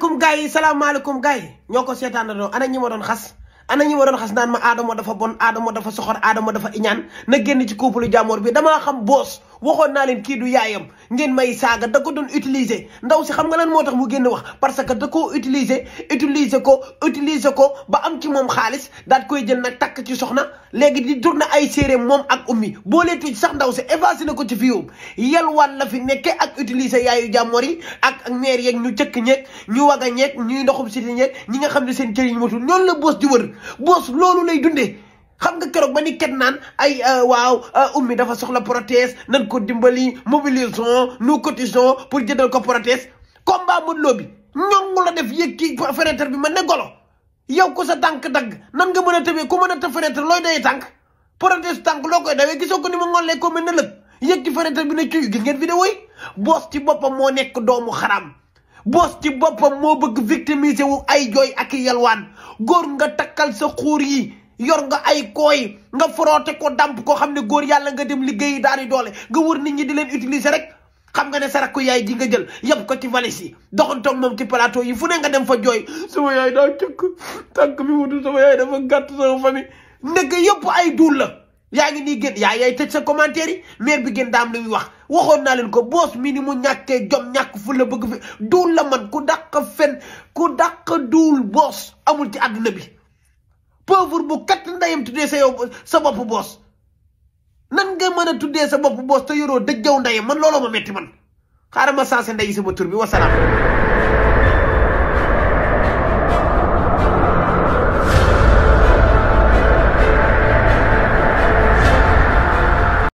salaamaaleykum gars yi salaamaaleykum gars yi ñoo ko seetaanandoo ana ma doon xas ana ñi ma doon xas naan ma Adamo dafa bon Adamo dafa soxor Adamo dafa iñaan na génn ci couple jàmmoor bi damaa xam boos waxoon naa leen kii du yaayam ngeen may saaga da ko doon utiliser ndaw si xam nga lan moo tax mu génn wax parce que da koo utiliser. utiliser ko utiliser ko ba am ci moom xaalis daat koy jël nag takk ci soxna léegi di na ay séeréer moom ak ummi booleetu ci sax ndaw si effacé na ko ci fiiwum yalwaan la fi nekke ak utiliser yaayu jàmmoor yi ak ak meer yeeg ñu jëkk ñekk ñu waga ñekk ñuy ndoxum si ñeeg ñi nga xam ne seen cëriñ matul ñoonu la boos di wër boos loolu lay dundee xam nga keroog ba ni ket naan ay euh, waaw euh, ummi dafa soxla prothèse nan ko dimbali mobilisation nous cotisons pour jëndal ko prothèse combat Modou Lo bi ñoŋ la def yéeg kii fenêtre bi ma ne golo yow ko sa tànk dagg nan nga mën a tëbee ku mën a tëb fenêtre looy dayee tànk parenthèse tànk loo koy dawee gisoo ko ni ma ngollee ko mel na lëpp yéeg ci fenêtre bi ne cuy gis ngeen vidéo yi boos ci boppam moo nekk doomu xaraam boos ci boppam moo bëgg victimiser wu ay jooy ak yalwaan góor nga takkal sa xuur yi yor nga ay kooy nga frotté ko damp koo xam ne góor yàlla nga dem yi daal daani doole nga wër nit ñi di leen utiliser rek xam nga ne sa yaay ji nga jël yab ko ci valise yi doxantoog moom ci plateau yi fu ne nga dem fa jooy sama yaay daa cëkk tànk bi wutul sama yaay dafa gàtt yëpp ay duul la yaa ngi nii gën yaa yaay tëj sa commentaire yi maire bi gën daam wax waxoon naa leen ko boos mi ni mu ñàkkee jom ñàkk fu la bëgg fi duul la ku dàq fen ku dàq duul boos amul ci àdduna bi pauvre bu kat ndayam tuddee sa yow sa bopp boos nan nga mën a tuddee sa bopp boos ta yoroo dëjjaw ndey man looloo ma metti man xaaral ma sensé ndey sama tur bi wasalaam